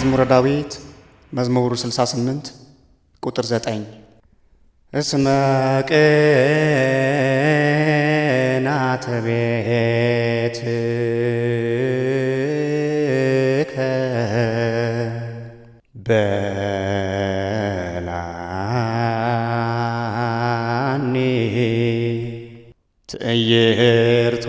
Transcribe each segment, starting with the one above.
መዝሙረ ዳዊት መዝሙሩ 68 ቁጥር 9 እስመ ቅናተ ቤትከ በላኒ ትእይርቶ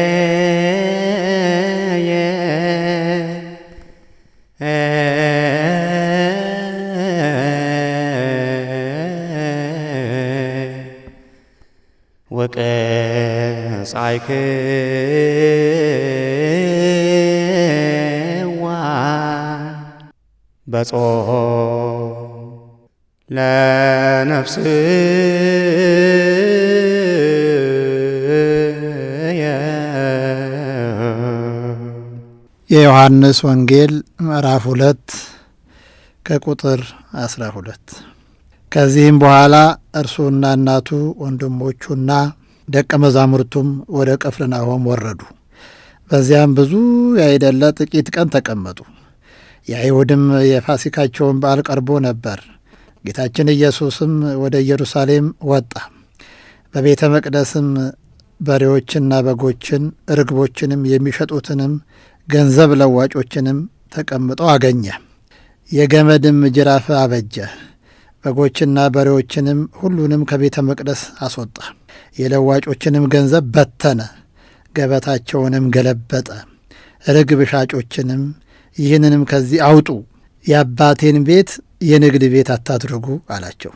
ባይክዋ ወንጌል ምዕራፍ ሁለት ከቁጥር አስራ ሁለት ከዚህም በኋላ እርሱና እናቱ ወንድሞቹና ደቀ መዛሙርቱም ወደ ቅፍርናሆም ወረዱ። በዚያም ብዙ ያይደለ ጥቂት ቀን ተቀመጡ። የአይሁድም የፋሲካቸውን በዓል ቀርቦ ነበር። ጌታችን ኢየሱስም ወደ ኢየሩሳሌም ወጣ። በቤተ መቅደስም በሬዎችና በጎችን፣ ርግቦችንም፣ የሚሸጡትንም ገንዘብ ለዋጮችንም ተቀምጠው አገኘ። የገመድም ጅራፍ አበጀ። በጎችና በሬዎችንም ሁሉንም ከቤተ መቅደስ አስወጣ። የለዋጮችንም ገንዘብ በተነ፣ ገበታቸውንም ገለበጠ። ርግብ ሻጮችንም ይህንንም ከዚህ አውጡ፣ የአባቴን ቤት የንግድ ቤት አታድርጉ አላቸው።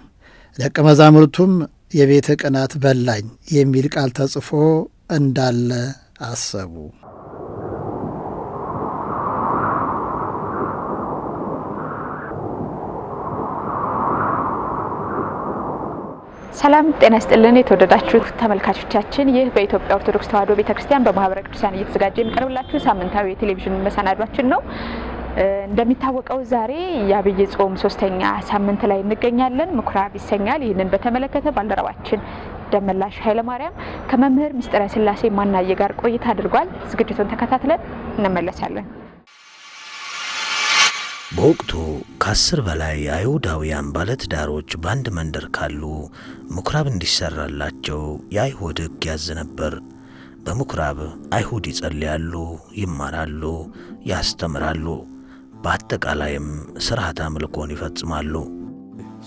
ደቀ መዛሙርቱም የቤት ቅናት በላኝ የሚል ቃል ተጽፎ እንዳለ አሰቡ። ሰላም ጤና ስጥልን የተወደዳችሁ ተመልካቾቻችን ይህ በኢትዮጵያ ኦርቶዶክስ ተዋሕዶ ቤተክርስቲያን በማህበረ ቅዱሳን እየተዘጋጀ የሚቀርብላችሁ ሳምንታዊ የቴሌቪዥን መሰናዷችን ነው። እንደሚታወቀው ዛሬ የአብይ ጾም ሶስተኛ ሳምንት ላይ እንገኛለን። ምኩራብ ይሰኛል። ይህንን በተመለከተ ባልደረባችን ደመላሽ ኃይለማርያም ከመምህር ምስጢረ ስላሴ ማናየ ጋር ቆይታ አድርጓል። ዝግጅቱን ተከታትለን እንመለሳለን። በወቅቱ ከአስር በላይ አይሁዳውያን ባለትዳሮች በአንድ መንደር ካሉ ምኩራብ እንዲሰራላቸው የአይሁድ ሕግ ያዝ ነበር። በምኩራብ አይሁድ ይጸልያሉ፣ ይማራሉ፣ ያስተምራሉ። በአጠቃላይም ስርዓት አምልኮን ይፈጽማሉ።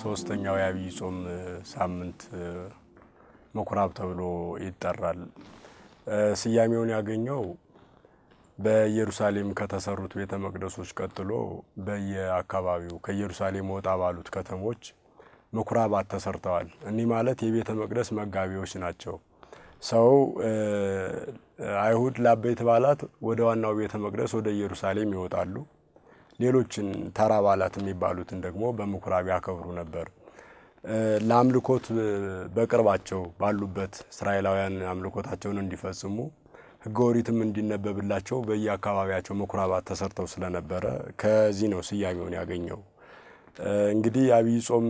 ሶስተኛው የአብይ ጾም ሳምንት ምኩራብ ተብሎ ይጠራል። ስያሜውን ያገኘው በኢየሩሳሌም ከተሰሩት ቤተ መቅደሶች ቀጥሎ በየአካባቢው ከኢየሩሳሌም ወጣ ባሉት ከተሞች ምኩራባት ተሰርተዋል። እኒህ ማለት የቤተ መቅደስ መጋቢዎች ናቸው። ሰው አይሁድ ለአበይት በዓላት ወደ ዋናው ቤተ መቅደስ ወደ ኢየሩሳሌም ይወጣሉ። ሌሎችን ተራ በዓላት የሚባሉትን ደግሞ በምኩራብ ያከብሩ ነበር። ለአምልኮት በቅርባቸው ባሉበት እስራኤላውያን አምልኮታቸውን እንዲፈጽሙ ሕገ ኦሪትም እንዲነበብላቸው በየአካባቢያቸው ምኩራባት ተሰርተው ስለነበረ ከዚህ ነው ስያሜውን ያገኘው። እንግዲህ አብይ ጾም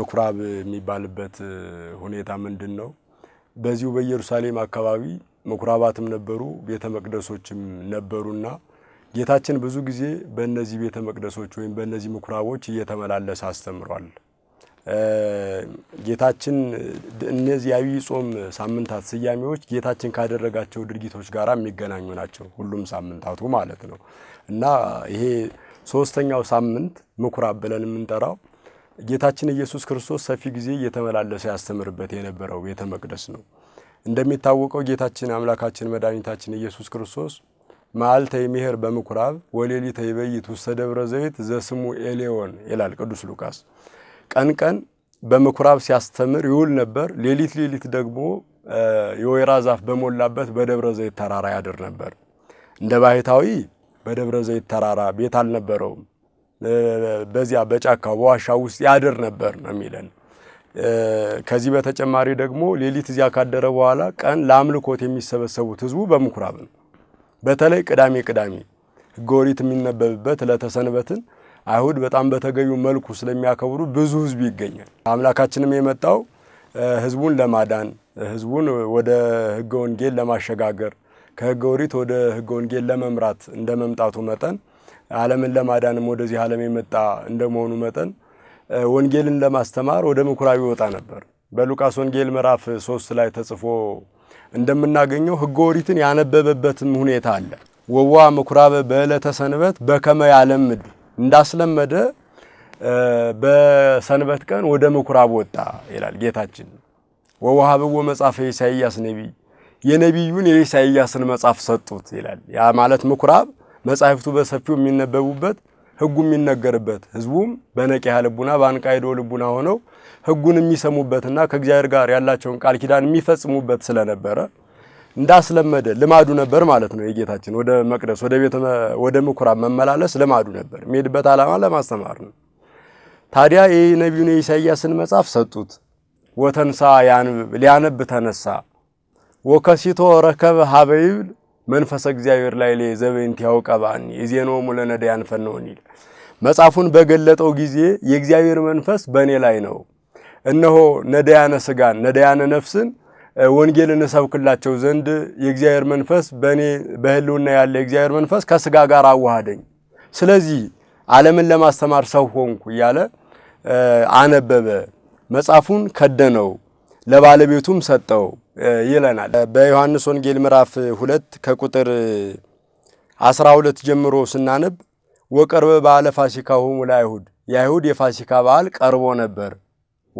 ምኩራብ የሚባልበት ሁኔታ ምንድን ነው? በዚሁ በኢየሩሳሌም አካባቢ ምኩራባትም ነበሩ፣ ቤተ መቅደሶችም ነበሩና ጌታችን ብዙ ጊዜ በእነዚህ ቤተ መቅደሶች ወይም በእነዚህ ምኩራቦች እየተመላለሰ አስተምሯል። ጌታችን እነዚህ የዐቢይ ጾም ሳምንታት ስያሜዎች ጌታችን ካደረጋቸው ድርጊቶች ጋር የሚገናኙ ናቸው፣ ሁሉም ሳምንታቱ ማለት ነው እና ይሄ ሶስተኛው ሳምንት ምኩራብ ብለን የምንጠራው ጌታችን ኢየሱስ ክርስቶስ ሰፊ ጊዜ እየተመላለሰ ያስተምርበት የነበረው ቤተ መቅደስ ነው። እንደሚታወቀው ጌታችን አምላካችን መድኃኒታችን ኢየሱስ ክርስቶስ መዓልተ ይሜሄር በምኩራብ ወሌሊተ ይበይት ውስተ ደብረ ዘይት ዘስሙ ኤሌዎን ይላል ቅዱስ ሉቃስ ቀን ቀን በምኩራብ ሲያስተምር ይውል ነበር። ሌሊት ሌሊት ደግሞ የወይራ ዛፍ በሞላበት በደብረ ዘይት ተራራ ያድር ነበር። እንደ ባህታዊ በደብረ ዘይት ተራራ ቤት አልነበረውም። በዚያ በጫካ በዋሻ ውስጥ ያድር ነበር ነው የሚለን። ከዚህ በተጨማሪ ደግሞ ሌሊት እዚያ ካደረ በኋላ ቀን ለአምልኮት የሚሰበሰቡት ህዝቡ በምኩራብ ነው። በተለይ ቅዳሜ ቅዳሜ ሕገ ኦሪት የሚነበብበት ዕለተ ሰንበትን አይሁድ በጣም በተገቢው መልኩ ስለሚያከብሩ ብዙ ህዝብ ይገኛል። አምላካችንም የመጣው ህዝቡን ለማዳን ህዝቡን ወደ ህገ ወንጌል ለማሸጋገር ከህገ ኦሪት ወደ ህገ ወንጌል ለመምራት እንደ መምጣቱ መጠን ዓለምን ለማዳንም ወደዚህ ዓለም የመጣ እንደመሆኑ መጠን ወንጌልን ለማስተማር ወደ ምኩራብ ይወጣ ነበር። በሉቃስ ወንጌል ምዕራፍ ሶስት ላይ ተጽፎ እንደምናገኘው ህገ ኦሪትን ያነበበበትም ሁኔታ አለ። ወዋ ምኩራበ በዕለተ ሰንበት በከመ ያለምድ እንዳስለመደ በሰንበት ቀን ወደ ምኩራብ ወጣ ይላል ጌታችን። ወወሀብዎ መጽሐፈ ኢሳይያስ ነቢይ የነቢዩን የኢሳይያስን መጽሐፍ ሰጡት ይላል። ያ ማለት ምኩራብ መጻሕፍቱ በሰፊው የሚነበቡበት ሕጉ የሚነገርበት ሕዝቡም በነቂያ ልቡና በአንቃይዶ ልቡና ሆነው ሕጉን የሚሰሙበትና ከእግዚአብሔር ጋር ያላቸውን ቃል ኪዳን የሚፈጽሙበት ስለነበረ እንዳስለመደ ልማዱ ነበር ማለት ነው። የጌታችን ወደ መቅደስ ወደ ቤተ ወደ ምኩራብ መመላለስ ልማዱ ነበር። የሚሄድበት ዓላማ ለማስተማር ነው። ታዲያ የነቢዩን የኢሳይያስን መጽሐፍ ሰጡት። ወተንሳ ያንብብ ሊያነብ ተነሳ። ወከሲቶ ረከብ ሀበይብል መንፈሰ እግዚአብሔር ላይ ለዘበይንት ያውቀባኒ የዜኖሙ ያንፈነውን ይል መጽሐፉን በገለጠው ጊዜ የእግዚአብሔር መንፈስ በእኔ ላይ ነው። እነሆ ነዳያነ ስጋን ነዳያነ ነፍስን ወንጌልን እሰብክላቸው ዘንድ የእግዚአብሔር መንፈስ በእኔ በህልውና ያለ የእግዚአብሔር መንፈስ ከስጋ ጋር አዋሃደኝ። ስለዚህ ዓለምን ለማስተማር ሰው ሆንኩ እያለ አነበበ። መጽሐፉን ከደነው፣ ለባለቤቱም ሰጠው ይለናል። በዮሐንስ ወንጌል ምዕራፍ ሁለት ከቁጥር 12 ጀምሮ ስናነብ ወቀርበ በዓለ ሆሙ ለአይሁድ የአይሁድ የፋሲካ በዓል ቀርቦ ነበር።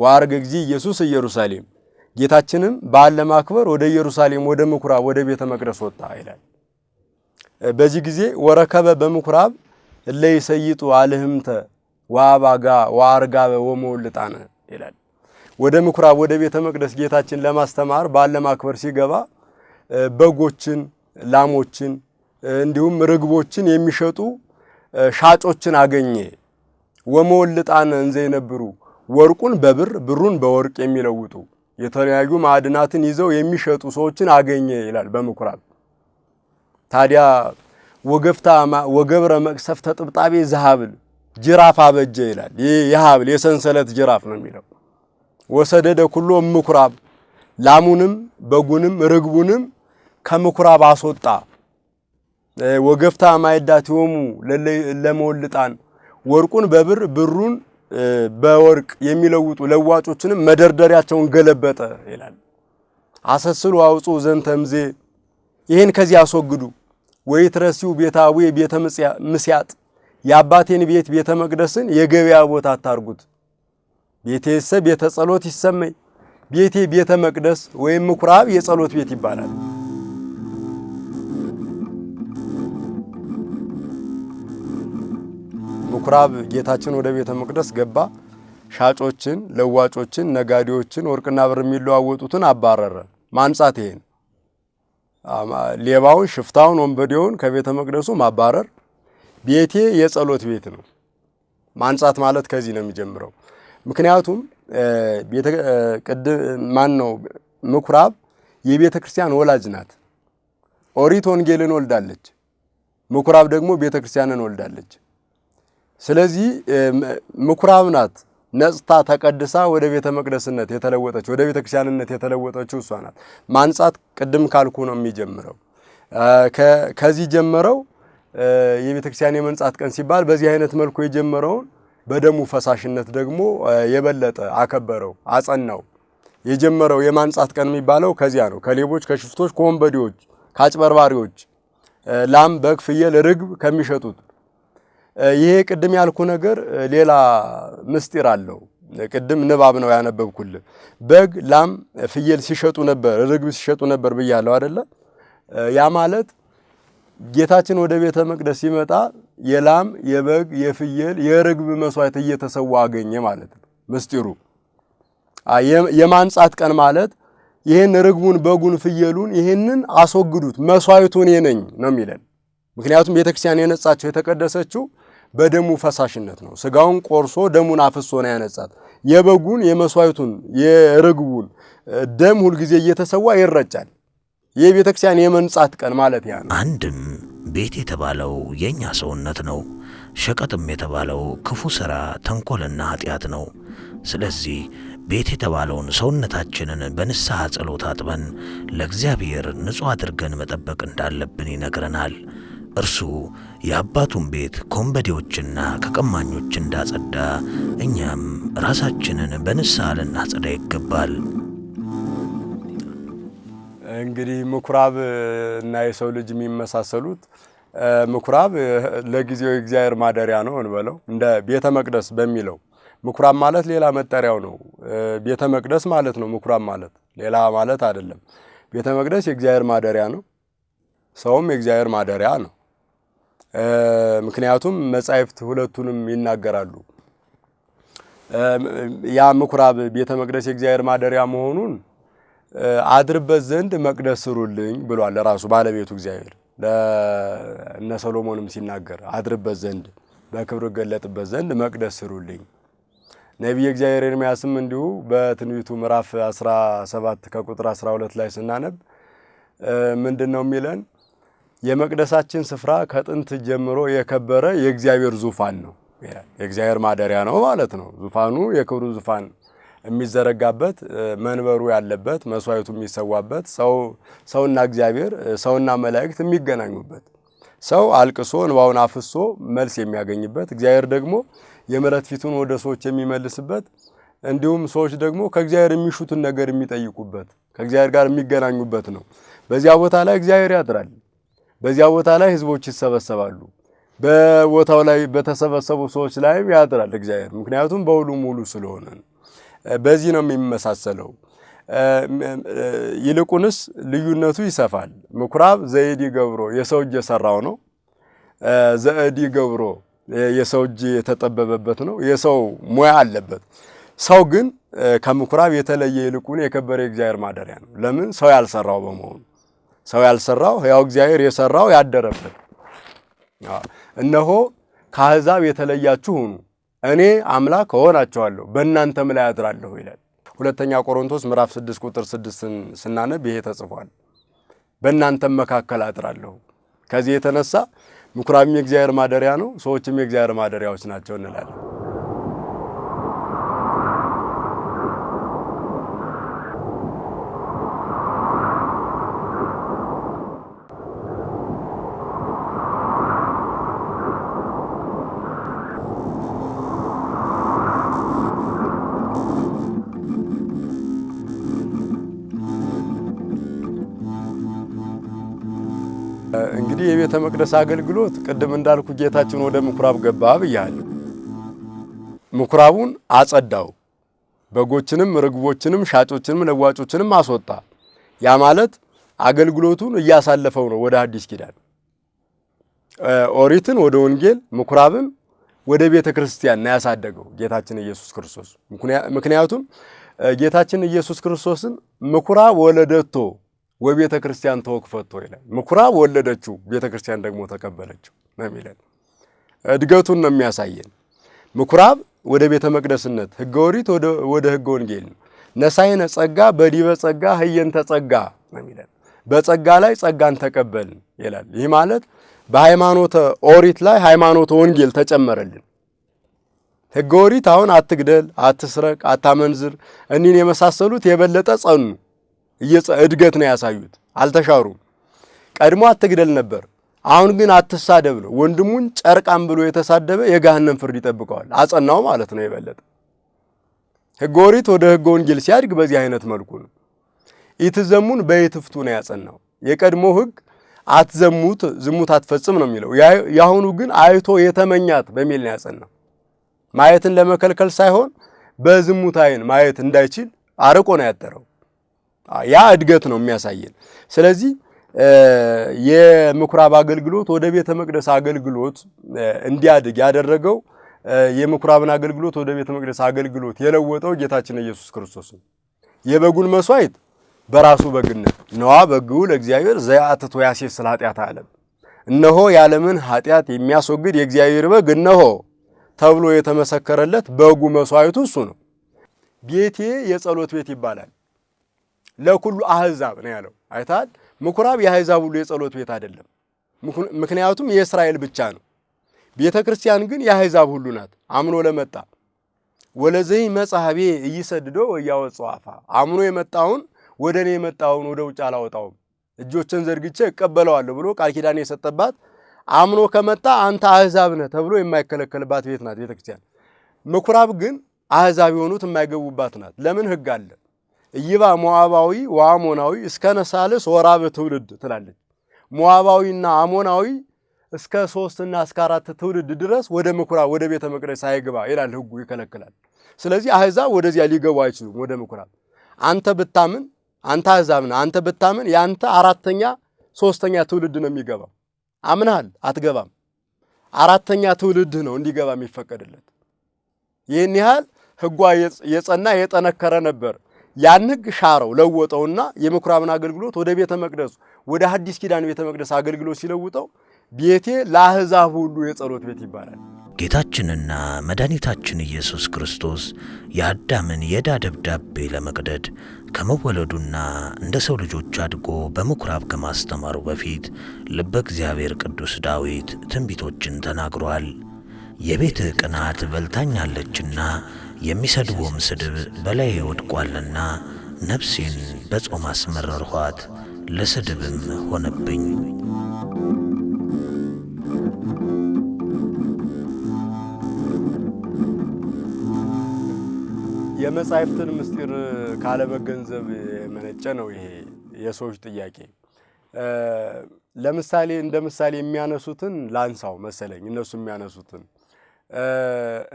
ዋርግ ጊዜ ኢየሱስ ኢየሩሳሌም ጌታችንም በዓል ለማክበር ወደ ኢየሩሳሌም ወደ ምኩራብ ወደ ቤተ መቅደስ ወጣ ይላል። በዚህ ጊዜ ወረከበ በምኩራብ እለ ይሰይጡ አልህምተ ወአባጋ ወአርጋበ ወመወልጣነ ይላል። ወደ ምኩራብ ወደ ቤተ መቅደስ ጌታችን ለማስተማር በዓል ለማክበር ሲገባ በጎችን፣ ላሞችን እንዲሁም ርግቦችን የሚሸጡ ሻጮችን አገኘ። ወመወልጣነ እንዘ የነብሩ ወርቁን በብር ብሩን በወርቅ የሚለውጡ የተለያዩ ማዕድናትን ይዘው የሚሸጡ ሰዎችን አገኘ ይላል በምኩራብ። ታዲያ ወገፍታ ወገብረ መቅሰፍ ተጥብጣቤ ዝሃብል ጅራፍ አበጀ ይላል። ይህ የሀብል የሰንሰለት ጅራፍ ነው የሚለው። ወሰደደ ኩሎ ምኩራብ ላሙንም በጉንም ርግቡንም ከምኩራብ አስወጣ። ወገፍታ ማይዳት ሆሙ ለመወልጣን ወርቁን በብር ብሩን በወርቅ የሚለውጡ ለዋጮችንም መደርደሪያቸውን ገለበጠ ይላል። አሰስሉ አውፁ ዘንተምዜ ይህን ከዚህ አስወግዱ። ወይትረሲው ቤተ አቡዬ ቤተ ምስያጥ የአባቴን ቤት ቤተ መቅደስን የገበያ ቦታ አታርጉት። ሰ ቤተ ጸሎት ይሰመይ ቤቴ ቤተ መቅደስ ወይም ምኩራብ የጸሎት ቤት ይባላል። ምኩራብ ጌታችን ወደ ቤተ መቅደስ ገባ። ሻጮችን፣ ለዋጮችን፣ ነጋዴዎችን፣ ወርቅና ብር የሚለዋወጡትን አባረረ። ማንጻት ይሄን ሌባውን፣ ሽፍታውን፣ ወንበዴውን ከቤተ መቅደሱ ማባረር። ቤቴ የጸሎት ቤት ነው። ማንጻት ማለት ከዚህ ነው የሚጀምረው። ምክንያቱም ማን ነው ምኩራብ የቤተ ክርስቲያን ወላጅ ናት። ኦሪት ወንጌልን ወልዳለች። ምኩራብ ደግሞ ቤተ ክርስቲያንን ወልዳለች። ስለዚህ ምኩራብ ናት ነጽታ ተቀድሳ ወደ ቤተ መቅደስነት የተለወጠች ወደ ቤተ ክርስቲያንነት የተለወጠችው እሷ ናት። ማንጻት ቅድም ካልኩ ነው የሚጀምረው። ከዚህ ጀመረው የቤተ ክርስቲያን የመንጻት ቀን ሲባል በዚህ አይነት መልኩ የጀመረውን በደሙ ፈሳሽነት ደግሞ የበለጠ አከበረው፣ አጸናው። የጀመረው የማንጻት ቀን የሚባለው ከዚያ ነው። ከሌቦች፣ ከሽፍቶች፣ ከወንበዴዎች፣ ከአጭበርባሪዎች ላም፣ በግ፣ ፍየል፣ ርግብ ከሚሸጡት ይሄ ቅድም ያልኩ ነገር ሌላ ምስጢር አለው። ቅድም ንባብ ነው ያነበብኩል በግ፣ ላም፣ ፍየል ሲሸጡ ነበር፣ ርግብ ሲሸጡ ነበር ብያለሁ አደለ? ያ ማለት ጌታችን ወደ ቤተ መቅደስ ሲመጣ የላም፣ የበግ፣ የፍየል፣ የርግብ መስዋዕት እየተሰዋ አገኘ ማለት ነው። ምስጢሩ የማንጻት ቀን ማለት ይህን ርግቡን፣ በጉን፣ ፍየሉን ይህንን አስወግዱት መስዋዕቱ እኔ ነኝ ነው የሚለን። ምክንያቱም ቤተክርስቲያን የነጻቸው የተቀደሰችው በደሙ ፈሳሽነት ነው። ስጋውን ቆርሶ ደሙን አፍሶ ነው ያነጻት። የበጉን የመስዋዕቱን የርግቡን ደም ሁልጊዜ እየተሰዋ ይረጫል። የቤተ ክርስቲያን የመንጻት ቀን ማለት ያ ነው። አንድም ቤት የተባለው የእኛ ሰውነት ነው። ሸቀጥም የተባለው ክፉ ሥራ፣ ተንኮልና ኃጢአት ነው። ስለዚህ ቤት የተባለውን ሰውነታችንን በንስሐ ጸሎት አጥበን ለእግዚአብሔር ንጹሕ አድርገን መጠበቅ እንዳለብን ይነግረናል። እርሱ የአባቱን ቤት ከወንበዴዎችና ከቀማኞች እንዳጸዳ እኛም ራሳችንን በንስሐ ልናጸዳ ይገባል። እንግዲህ ምኩራብ እና የሰው ልጅ የሚመሳሰሉት ምኩራብ ለጊዜው የእግዚአብሔር ማደሪያ ነው እንበለው እንደ ቤተ መቅደስ በሚለው ምኩራብ ማለት ሌላ መጠሪያው ነው። ቤተ መቅደስ ማለት ነው። ምኩራብ ማለት ሌላ ማለት አይደለም። ቤተ መቅደስ የእግዚአብሔር ማደሪያ ነው። ሰውም የእግዚአብሔር ማደሪያ ነው። ምክንያቱም መጻሕፍት ሁለቱንም ይናገራሉ። ያ ምኩራብ ቤተ መቅደስ የእግዚአብሔር ማደሪያ መሆኑን አድርበት ዘንድ መቅደስ ስሩልኝ ብሏል ለራሱ ባለቤቱ እግዚአብሔር ለእነ ሰሎሞንም ሲናገር አድርበት ዘንድ በክብር ገለጥበት ዘንድ መቅደስ ስሩልኝ። ነቢይ እግዚአብሔር ኤርምያስም እንዲሁ በትንቢቱ ምዕራፍ 17 ከቁጥር 12 ላይ ስናነብ ምንድን ነው የሚለን? የመቅደሳችን ስፍራ ከጥንት ጀምሮ የከበረ የእግዚአብሔር ዙፋን ነው፣ የእግዚአብሔር ማደሪያ ነው ማለት ነው። ዙፋኑ የክብሩ ዙፋን የሚዘረጋበት መንበሩ ያለበት መስዋዕቱ የሚሰዋበት ሰውና እግዚአብሔር ሰውና መላእክት የሚገናኙበት ሰው አልቅሶ እንባውን አፍሶ መልስ የሚያገኝበት እግዚአብሔር ደግሞ የምሕረት ፊቱን ወደ ሰዎች የሚመልስበት እንዲሁም ሰዎች ደግሞ ከእግዚአብሔር የሚሹትን ነገር የሚጠይቁበት ከእግዚአብሔር ጋር የሚገናኙበት ነው። በዚያ ቦታ ላይ እግዚአብሔር ያድራል። በዚያ ቦታ ላይ ህዝቦች ይሰበሰባሉ። በቦታው ላይ በተሰበሰቡ ሰዎች ላይም ያድራል እግዚአብሔር፣ ምክንያቱም በሁሉ ሙሉ ስለሆነ በዚህ ነው የሚመሳሰለው። ይልቁንስ ልዩነቱ ይሰፋል። ምኩራብ ዘይዲ ገብሮ የሰው እጅ የሰራው ነው። ዘእድ ገብሮ የሰው እጅ የተጠበበበት ነው። የሰው ሙያ አለበት። ሰው ግን ከምኩራብ የተለየ ይልቁን የከበረ እግዚአብሔር ማደሪያ ነው። ለምን ሰው ያልሰራው በመሆኑ ሰው ያልሰራው ሕያው እግዚአብሔር የሰራው ያደረበት። እነሆ ከአሕዛብ የተለያችሁ ሁኑ፣ እኔ አምላክ እሆናችኋለሁ፣ በእናንተም ላይ አድራለሁ ይላል። ሁለተኛ ቆሮንቶስ ምዕራፍ 6 ቁጥር 6 ስናነብ ይሄ ተጽፏል። በእናንተም መካከል አድራለሁ። ከዚህ የተነሳ ምኩራብም የእግዚአብሔር ማደሪያ ነው፣ ሰዎችም የእግዚአብሔር ማደሪያዎች ናቸው እንላለን። መቅደስ አገልግሎት ቅድም እንዳልኩ ጌታችን ወደ ምኩራብ ገባ ብያለሁ። ምኩራቡን አጸዳው፣ በጎችንም ርግቦችንም ሻጮችንም ለዋጮችንም አስወጣ። ያ ማለት አገልግሎቱን እያሳለፈው ነው ወደ አዲስ ኪዳን ኦሪትን ወደ ወንጌል ምኩራብም ወደ ቤተ ክርስቲያን ነው ያሳደገው ጌታችን ኢየሱስ ክርስቶስ። ምክንያቱም ጌታችን ኢየሱስ ክርስቶስን ምኩራብ ወለደቶ ወቤተ ክርስቲያን ተወክፈቶ ይላል። ምኩራብ ወለደችው፣ ቤተ ክርስቲያን ደግሞ ተቀበለችው ነው የሚለን። እድገቱን ነው የሚያሳየን። ምኩራብ ወደ ቤተ መቅደስነት፣ ሕገ ኦሪት ወደ ህገ ወንጌል ነው። ነሳይነ ጸጋ በዲበ ጸጋ ህየንተ ጸጋ ነው የሚለን። በጸጋ ላይ ጸጋን ተቀበልን ይላል። ይህ ማለት በሃይማኖተ ኦሪት ላይ ሃይማኖተ ወንጌል ተጨመረልን። ሕገ ኦሪት አሁን አትግደል፣ አትስረቅ፣ አታመንዝር እኒን የመሳሰሉት የበለጠ ጸኑ እድገት ነው ያሳዩት። አልተሻሩም። ቀድሞ አትግደል ነበር፣ አሁን ግን አትሳደብ ነው። ወንድሙን ጨርቃም ብሎ የተሳደበ የገሃነም ፍርድ ይጠብቀዋል። አጸናው ማለት ነው። የበለጠ ሕገ ኦሪት ወደ ሕገ ወንጌል ሲያድግ በዚህ አይነት መልኩ ነው። ኢትዘሙን በየትፍቱ ነው ያጸናው። የቀድሞ ሕግ አትዘሙት፣ ዝሙት አትፈጽም ነው የሚለው። የአሁኑ ግን አይቶ የተመኛት በሚል ነው ያጸናው። ማየትን ለመከልከል ሳይሆን በዝሙት አይን ማየት እንዳይችል አርቆ ነው ያጠረው። ያ እድገት ነው የሚያሳየን። ስለዚህ የምኩራብ አገልግሎት ወደ ቤተ መቅደስ አገልግሎት እንዲያድግ ያደረገው የምኩራብን አገልግሎት ወደ ቤተ መቅደስ አገልግሎት የለወጠው ጌታችን ኢየሱስ ክርስቶስ ነው። የበጉን መስዋዕት በራሱ በግነት ነዋ በግው ለእግዚአብሔር ዘያአትት ያሴ ስለ ኃጢአት ዓለም እነሆ የዓለምን ኃጢአት የሚያስወግድ የእግዚአብሔር በግ እነሆ ተብሎ የተመሰከረለት በጉ መስዋዕቱ እሱ ነው። ቤቴ የጸሎት ቤት ይባላል። ለኩሉ አህዛብ ነው ያለው። አይታል ምኩራብ የአህዛብ ሁሉ የጸሎት ቤት አይደለም። ምክንያቱም የእስራኤል ብቻ ነው። ቤተ ክርስቲያን ግን የአህዛብ ሁሉ ናት። አምኖ ለመጣ ወለዚህ መጻሕቤ እይሰድዶ ወያወጽ አፋ አምኖ የመጣውን ወደ እኔ የመጣውን ወደ ውጭ አላወጣውም፣ እጆችን ዘርግቼ እቀበለዋለሁ ብሎ ቃል ኪዳን የሰጠባት አምኖ ከመጣ አንተ አህዛብ ነህ ተብሎ የማይከለከልባት ቤት ናት ቤተ ክርስቲያን። ምኩራብ ግን አህዛብ የሆኑት የማይገቡባት ናት። ለምን? ህግ አለ። እይባ ሞዓባዊ ወአሞናዊ እስከ ነሳልስ ወራበ ትውልድ ትላለች። ሞዓባዊና አሞናዊ እስከ ሶስትና እስከ አራት ትውልድ ድረስ ወደ ምኩራብ ወደ ቤተ መቅደስ አይግባ ይላል፣ ህጉ ይከለክላል። ስለዚህ አህዛብ ወደዚያ ሊገቡ አይችሉም፣ ወደ ምኩራብ። አንተ ብታምን አንተ አሕዛብ አንተ ብታምን የአንተ አራተኛ ሶስተኛ ትውልድ ነው የሚገባው። አምናሃል፣ አትገባም። አራተኛ ትውልድ ነው እንዲገባ የሚፈቀድለት። ይህን ያህል ህጓ የጸና የጠነከረ ነበር። ያን ሻረው ለወጠውና የምኩራብን አገልግሎት ወደ ቤተ መቅደሱ ወደ ሐዲስ ኪዳን ቤተ መቅደስ አገልግሎት ሲለውጠው ቤቴ ለአሕዛብ ሁሉ የጸሎት ቤት ይባላል። ጌታችንና መድኃኒታችን ኢየሱስ ክርስቶስ የአዳምን የዕዳ ደብዳቤ ለመቅደድ ከመወለዱና እንደ ሰው ልጆች አድጎ በምኩራብ ከማስተማሩ በፊት ልበ እግዚአብሔር ቅዱስ ዳዊት ትንቢቶችን ተናግሯል። የቤትህ ቅናት በልታኛለችና የሚሰድቡም ስድብ በላይ ወድቋልና ነፍሴን በጾም አስመረርኋት፣ ለስድብም ሆነብኝ። የመጻሕፍትን ምስጢር ካለመገንዘብ የመነጨ ነው ይሄ የሰዎች ጥያቄ። ለምሳሌ እንደ ምሳሌ የሚያነሱትን ላንሳው መሰለኝ እነሱ የሚያነሱትን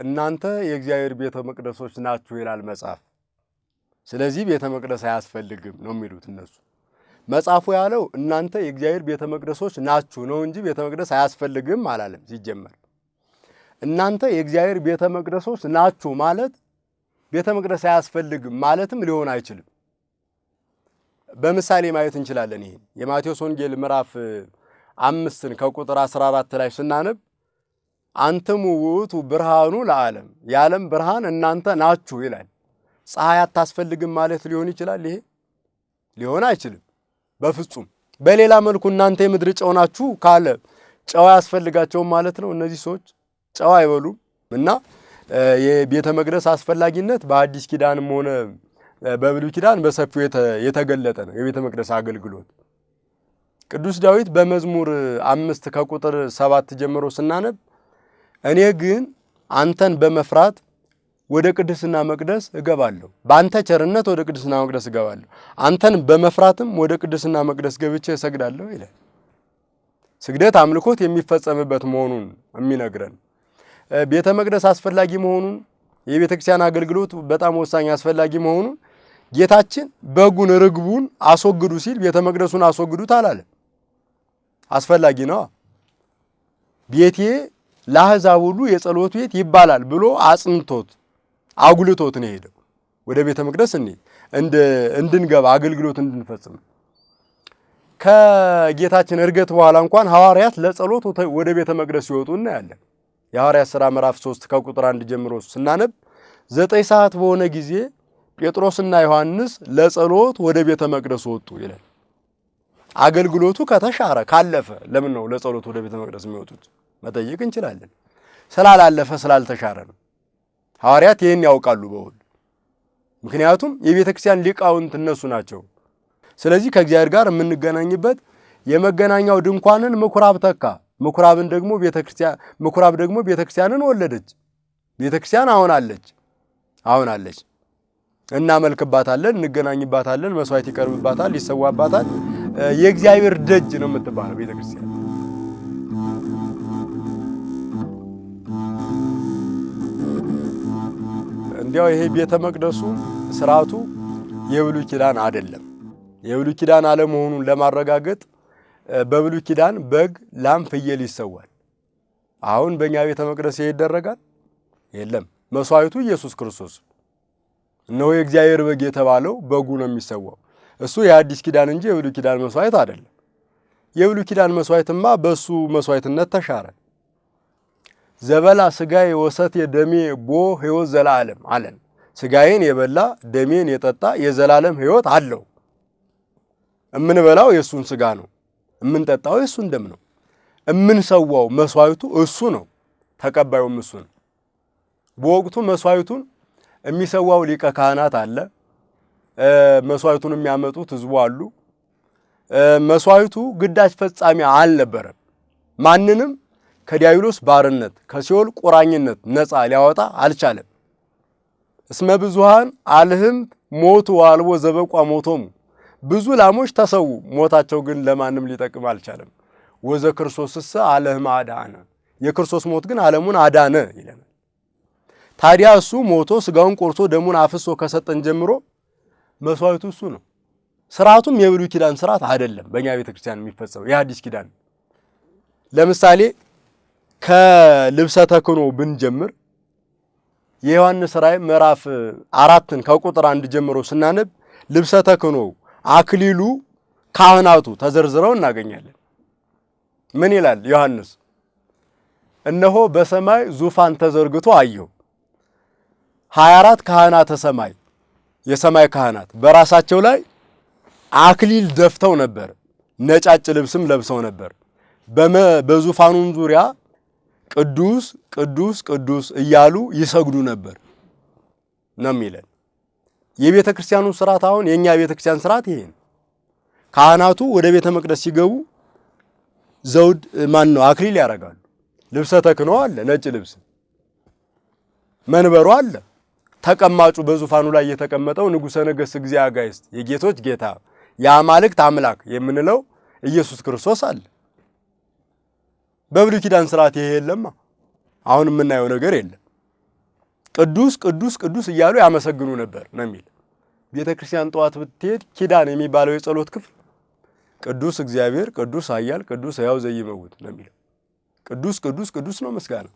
እናንተ የእግዚአብሔር ቤተ መቅደሶች ናችሁ ይላል መጽሐፍ። ስለዚህ ቤተ መቅደስ አያስፈልግም ነው የሚሉት እነሱ። መጽሐፉ ያለው እናንተ የእግዚአብሔር ቤተ መቅደሶች ናችሁ ነው እንጂ ቤተ መቅደስ አያስፈልግም አላለም ሲጀመር። እናንተ የእግዚአብሔር ቤተ መቅደሶች ናችሁ ማለት ቤተ መቅደስ አያስፈልግም ማለትም ሊሆን አይችልም። በምሳሌ ማየት እንችላለን። ይህን የማቴዎስ ወንጌል ምዕራፍ አምስትን ከቁጥር 14 ላይ ስናነብ አንትሙ ውእቱ ብርሃኑ ለዓለም የዓለም ብርሃን እናንተ ናችሁ ይላል። ፀሐይ አታስፈልግም ማለት ሊሆን ይችላል? ይሄ ሊሆን አይችልም በፍጹም። በሌላ መልኩ እናንተ የምድር ጨው ናችሁ ካለ ጨው አያስፈልጋቸውም ማለት ነው። እነዚህ ሰዎች ጨው አይበሉም እና የቤተ መቅደስ አስፈላጊነት በአዲስ ኪዳንም ሆነ በብሉይ ኪዳን በሰፊው የተገለጠ ነው። የቤተ መቅደስ አገልግሎት ቅዱስ ዳዊት በመዝሙር አምስት ከቁጥር ሰባት ጀምሮ ስናነብ እኔ ግን አንተን በመፍራት ወደ ቅድስና መቅደስ እገባለሁ። በአንተ ቸርነት ወደ ቅድስና መቅደስ እገባለሁ። አንተን በመፍራትም ወደ ቅድስና መቅደስ ገብቼ እሰግዳለሁ ይላል። ስግደት አምልኮት የሚፈጸምበት መሆኑን የሚነግረን ቤተ መቅደስ አስፈላጊ መሆኑን የቤተ ክርስቲያን አገልግሎት በጣም ወሳኝ አስፈላጊ መሆኑን ጌታችን በጉን ርግቡን አስወግዱ ሲል ቤተ መቅደሱን አስወግዱት አላለ። አስፈላጊ ነው ቤቴ ለአሕዛብ ሁሉ የጸሎት ቤት ይባላል ብሎ አጽንቶት አጉልቶት ነው የሄደው። ወደ ቤተ መቅደስ እንድንገባ አገልግሎት እንድንፈጽም ከጌታችን እርገት በኋላ እንኳን ሐዋርያት ለጸሎት ወደ ቤተ መቅደስ ይወጡ እናያለን። የሐዋርያት ሥራ ምዕራፍ 3 ከቁጥር 1 ጀምሮ ስናነብ ዘጠኝ ሰዓት በሆነ ጊዜ ጴጥሮስና ዮሐንስ ለጸሎት ወደ ቤተ መቅደስ ወጡ ይላል። አገልግሎቱ ከተሻረ ካለፈ ለምን ነው ለጸሎት ወደ ቤተ መቅደስ የሚወጡት? መጠየቅ እንችላለን። ስላላለፈ ስላልተሻረ ነው። ሐዋርያት ይህን ያውቃሉ በውል ምክንያቱም የቤተ ክርስቲያን ሊቃውንት እነሱ ናቸው። ስለዚህ ከእግዚአብሔር ጋር የምንገናኝበት የመገናኛው ድንኳንን ምኩራብ ተካ። ምኩራብን ደግሞ ምኩራብ ደግሞ ቤተ ክርስቲያንን ወለደች። ቤተ ክርስቲያን አሁን አለች አሁን አለች። እናመልክባታለን፣ እንገናኝባታለን፣ መስዋዕት ይቀርብባታል፣ ይሰዋባታል። የእግዚአብሔር ደጅ ነው የምትባለው ቤተ ክርስቲያን። እንዲያው ይሄ ቤተ መቅደሱ ስርዓቱ የብሉይ ኪዳን አይደለም። የብሉይ ኪዳን አለመሆኑን ለማረጋገጥ በብሉይ ኪዳን በግ፣ ላም፣ ፍየል ይሰዋል። አሁን በእኛ ቤተ መቅደስ ይሄ ይደረጋል? የለም። መስዋዕቱ ኢየሱስ ክርስቶስ እነሆ የእግዚአብሔር በግ የተባለው በጉ ነው የሚሰዋው። እሱ የአዲስ ኪዳን እንጂ የብሉይ ኪዳን መስዋዕት አይደለም። የብሉይ ኪዳን መስዋዕትማ በእሱ መስዋዕትነት ተሻረ። ዘበላ ስጋዬ ወሰት የደሜ ቦ ሕይወት ዘላለም አለን። ስጋዬን የበላ ደሜን የጠጣ የዘላለም ሕይወት አለው። እምንበላው የእሱን ስጋ ነው፣ እምንጠጣው የእሱን ደም ነው። እምንሰዋው መስዋዕቱ እሱ ነው፣ ተቀባዩም እሱ ነው። በወቅቱ መስዋዕቱን የሚሰዋው ሊቀ ካህናት አለ። መስዋዕቱን የሚያመጡት ህዝቡ አሉ። መስዋዕቱ ግዳጅ ፈጻሚ አልነበረም። ማንንም ከዲያብሎስ ባርነት ከሲኦል ቁራኝነት ነፃ ሊያወጣ አልቻለም። እስመ ብዙሃን አልህም ሞቱ አልቦ ዘበቋ ሞቶሙ ብዙ ላሞች ተሰዉ፣ ሞታቸው ግን ለማንም ሊጠቅም አልቻለም። ወዘ ክርስቶስሰ አለህም አዳነ የክርስቶስ ሞት ግን ዓለሙን አዳነ ይለናል። ታዲያ እሱ ሞቶ ስጋውን ቆርሶ ደሙን አፍሶ ከሰጠን ጀምሮ መስዋዕቱ እሱ ነው። ስርዓቱም የብሉይ ኪዳን ስርዓት አይደለም። በእኛ ቤተክርስቲያን የሚፈጸመው የአዲስ ኪዳን ለምሳሌ ከልብሰ ተክህኖ ብንጀምር የዮሐንስ ራእይ ምዕራፍ አራትን ከቁጥር አንድ ጀምሮ ስናነብ ልብሰ ተክህኖ አክሊሉ ካህናቱ ተዘርዝረው እናገኛለን። ምን ይላል ዮሐንስ? እነሆ በሰማይ ዙፋን ተዘርግቶ አየሁ። 24 ካህናተ ሰማይ የሰማይ ካህናት በራሳቸው ላይ አክሊል ደፍተው ነበር፣ ነጫጭ ልብስም ለብሰው ነበር። በዙፋኑም ዙሪያ ቅዱስ ቅዱስ ቅዱስ እያሉ ይሰግዱ ነበር ነው የሚለን። የቤተ ክርስቲያኑን ስርዓት አሁን የእኛ ቤተ ክርስቲያን ስርዓት ይሄ ነው። ካህናቱ ወደ ቤተ መቅደስ ሲገቡ ዘውድ ማን ነው አክሊል ያደርጋሉ። ልብሰ ተክኖ አለ፣ ነጭ ልብስ መንበሩ አለ። ተቀማጩ በዙፋኑ ላይ የተቀመጠው ንጉሠ ነገሥት እግዚአ አጋዕዝት የጌቶች ጌታ የአማልክት አምላክ የምንለው ኢየሱስ ክርስቶስ አለ። በብሉይ ኪዳን ስርዓት ይሄ የለማ። አሁን የምናየው ነገር የለም። ቅዱስ ቅዱስ ቅዱስ እያሉ ያመሰግኑ ነበር ነው የሚል ቤተ ክርስቲያን ጠዋት ብትሄድ ኪዳን የሚባለው የጸሎት ክፍል ቅዱስ እግዚአብሔር ቅዱስ ኃያል ቅዱስ ሕያው ዘይመውት ነው የሚለው። ቅዱስ ቅዱስ ቅዱስ ነው ምስጋና።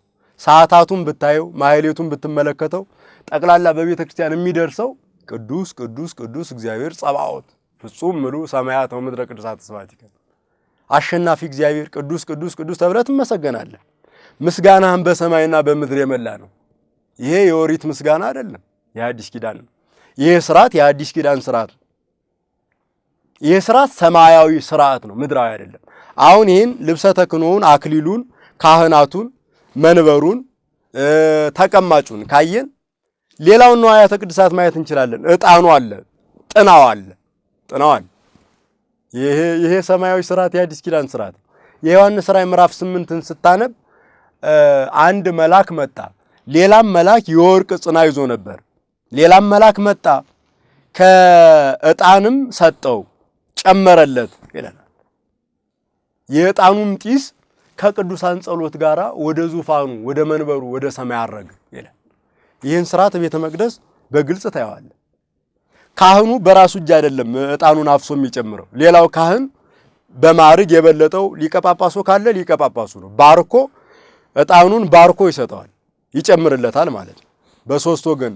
ሰዓታቱን ብታየው ማህሌቱን ብትመለከተው ጠቅላላ በቤተ ክርስቲያን የሚደርሰው ቅዱስ ቅዱስ ቅዱስ እግዚአብሔር ጸባዖት ፍጹም ምሉ ሰማያት ወምድረ ቅዱሳት ስብሐት አሸናፊ እግዚአብሔር ቅዱስ ቅዱስ ቅዱስ ተብለህ ትመሰገናለህ። ምስጋናህን በሰማይና በምድር የመላ ነው። ይሄ የኦሪት ምስጋና አይደለም፣ የአዲስ ኪዳን ነው። ይሄ ስርዓት የአዲስ ኪዳን ስርዓት ነው። ይሄ ስርዓት ሰማያዊ ስርዓት ነው፣ ምድራዊ አይደለም። አሁን ይህን ልብሰ ተክኖውን፣ አክሊሉን፣ ካህናቱን፣ መንበሩን፣ ተቀማጩን ካየን ሌላውን ንዋያተ ቅድሳት ማየት እንችላለን። እጣኑ አለ፣ ጥናው አለ፣ ጥናው አለ። ይሄ ሰማያዊ ስርዓት የአዲስ ኪዳን ስርዓት ነው። የዮሐንስ ራእይ ምዕራፍ ስምንትን ስታነብ አንድ መልአክ መጣ፣ ሌላም መልአክ የወርቅ ጽና ይዞ ነበር። ሌላም መልአክ መጣ፣ ከእጣንም ሰጠው ጨመረለት ይለናል። የእጣኑም ጢስ ከቅዱሳን ጸሎት ጋር ወደ ዙፋኑ ወደ መንበሩ ወደ ሰማይ አረገ ይላል። ይህን ስርዓት ቤተ መቅደስ በግልጽ ታየዋለህ። ካህኑ በራሱ እጅ አይደለም እጣኑን አፍሶ የሚጨምረው። ሌላው ካህን በማዕርግ የበለጠው ሊቀጳጳሱ ካለ ሊቀጳጳሱ ነው ባርኮ ዕጣኑን ባርኮ ይሰጠዋል፣ ይጨምርለታል ማለት ነው። በሶስት ወገን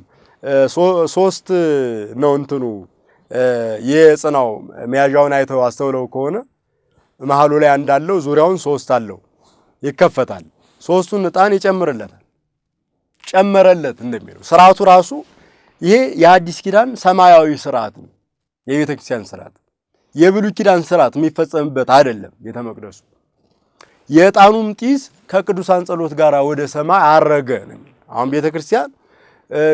ሶስት ነው እንትኑ የጽናው መያዣውን አይተው አስተውለው ከሆነ መሃሉ ላይ አንዳለው ዙሪያውን ሶስት አለው ይከፈታል። ሶስቱን እጣን ይጨምርለታል። ጨመረለት እንደሚለው ስርዓቱ ራሱ ይሄ የአዲስ ኪዳን ሰማያዊ ስርዓት ነው። የቤተ ክርስቲያን ስርዓት የብሉይ ኪዳን ስርዓት የሚፈጸምበት አይደለም። ቤተ መቅደሱ የዕጣኑም ጢስ ከቅዱሳን ጸሎት ጋር ወደ ሰማይ አረገ። አሁን ቤተ ክርስቲያን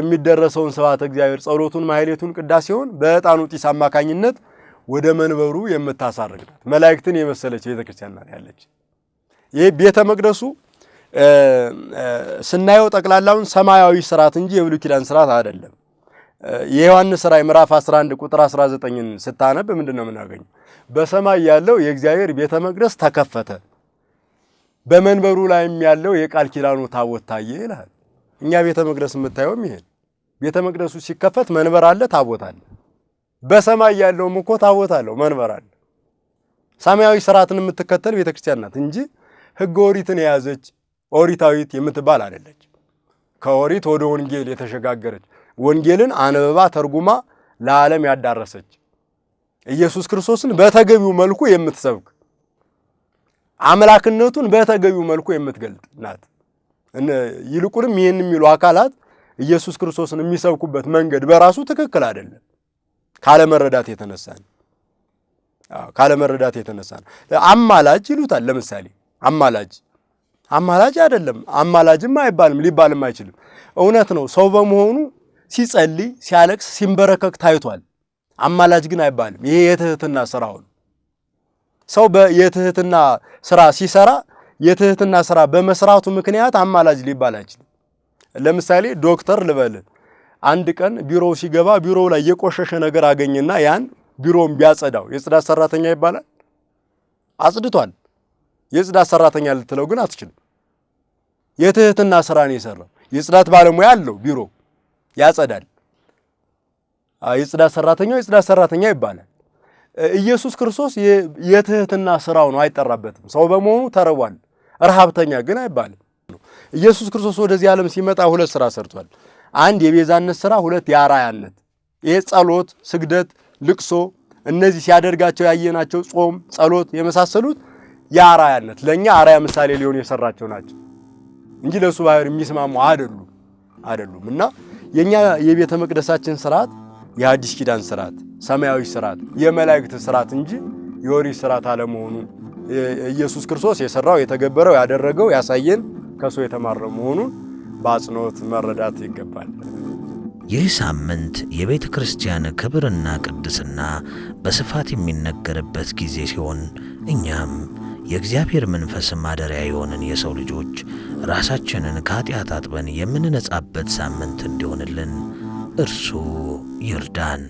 የሚደረሰውን ስብሐተ እግዚአብሔር ጸሎቱን፣ ማህሌቱን፣ ቅዳሴውን በዕጣኑ ጢስ አማካኝነት ወደ መንበሩ የምታሳርግ ናት። መላእክትን የመሰለች ቤተ ክርስቲያን ናት ያለች። ይህ ቤተ መቅደሱ ስናየው ጠቅላላውን ሰማያዊ ስርዓት እንጂ የብሉይ ኪዳን ስርዓት አይደለም። የዮሐንስ ራእይ ምዕራፍ 11 ቁጥር 19ን ስታነብ ምንድን ነው የምናገኘው? በሰማይ ያለው የእግዚአብሔር ቤተ መቅደስ ተከፈተ፣ በመንበሩ ላይም ያለው የቃል ኪዳኑ ታቦት ታየ ይላል። እኛ ቤተ መቅደስ የምታየውም ይሄን ቤተ መቅደሱ ሲከፈት መንበር አለ፣ ታቦት አለ። በሰማይ ያለውም እኮ ታቦት አለው፣ መንበር አለ። ሰማያዊ ስርዓትን የምትከተል ቤተ ክርስቲያን ናት እንጂ ሕገ ኦሪትን የያዘች ኦሪታዊት የምትባል አይደለች። ከኦሪት ወደ ወንጌል የተሸጋገረች ወንጌልን አንብባ ተርጉማ ለዓለም ያዳረሰች ኢየሱስ ክርስቶስን በተገቢው መልኩ የምትሰብክ አምላክነቱን በተገቢው መልኩ የምትገልጥ ናት። ይልቁንም ይህን የሚሉ አካላት ኢየሱስ ክርስቶስን የሚሰብኩበት መንገድ በራሱ ትክክል አይደለም። ካለመረዳት የተነሳ ነው። ካለመረዳት የተነሳ ነው። አማላጅ ይሉታል። ለምሳሌ አማላጅ አማላጅ አይደለም፣ አማላጅም አይባልም፣ ሊባልም አይችልም። እውነት ነው ሰው በመሆኑ ሲጸልይ፣ ሲያለቅስ፣ ሲንበረከክ ታይቷል። አማላጅ ግን አይባልም። ይሄ የትህትና ስራ ሰው የትህትና ስራ ሲሰራ የትህትና ስራ በመስራቱ ምክንያት አማላጅ ሊባል አይችልም። ለምሳሌ ዶክተር ልበል አንድ ቀን ቢሮው ሲገባ ቢሮው ላይ የቆሸሸ ነገር አገኘና ያን ቢሮውን ቢያጸዳው የጽዳት ሰራተኛ ይባላል? አጽድቷል። የጽዳት ሰራተኛ ልትለው ግን አትችልም። የትህትና ስራ ነው የሰራው። የጽዳት ባለሙያ አለው ቢሮ ያጸዳል። የጽዳ ሰራተኛው የጽዳ ሰራተኛ ይባላል። ኢየሱስ ክርስቶስ የትህትና ስራው ነው አይጠራበትም። ሰው በመሆኑ ተርቧል፣ ረሃብተኛ ግን አይባልም። ኢየሱስ ክርስቶስ ወደዚህ ዓለም ሲመጣ ሁለት ስራ ሰርቷል። አንድ የቤዛነት ስራ፣ ሁለት የአራያነት። ይሄ ጸሎት፣ ስግደት፣ ልቅሶ እነዚህ ሲያደርጋቸው ያየናቸው ጾም፣ ጸሎት የመሳሰሉት የአራያነት ለእኛ አራያ ምሳሌ ሊሆን የሰራቸው ናቸው እንጂ ለእሱ ባህር የሚስማሙ አይደሉም አይደሉም እና የኛ የቤተ መቅደሳችን ስርዓት የአዲስ ኪዳን ስርዓት፣ ሰማያዊ ስርዓት፣ የመላእክት ስርዓት እንጂ የኦሪት ስርዓት አለመሆኑ ኢየሱስ ክርስቶስ የሰራው የተገበረው ያደረገው ያሳየን ከሱ የተማረ መሆኑን በአጽንኦት መረዳት ይገባል። ይህ ሳምንት የቤተ ክርስቲያን ክብርና ቅድስና በስፋት የሚነገርበት ጊዜ ሲሆን እኛም የእግዚአብሔር መንፈስም ማደሪያ የሆንን የሰው ልጆች ራሳችንን ከኃጢአት አጥበን የምንነጻበት ሳምንት እንዲሆንልን እርሱ ይርዳን።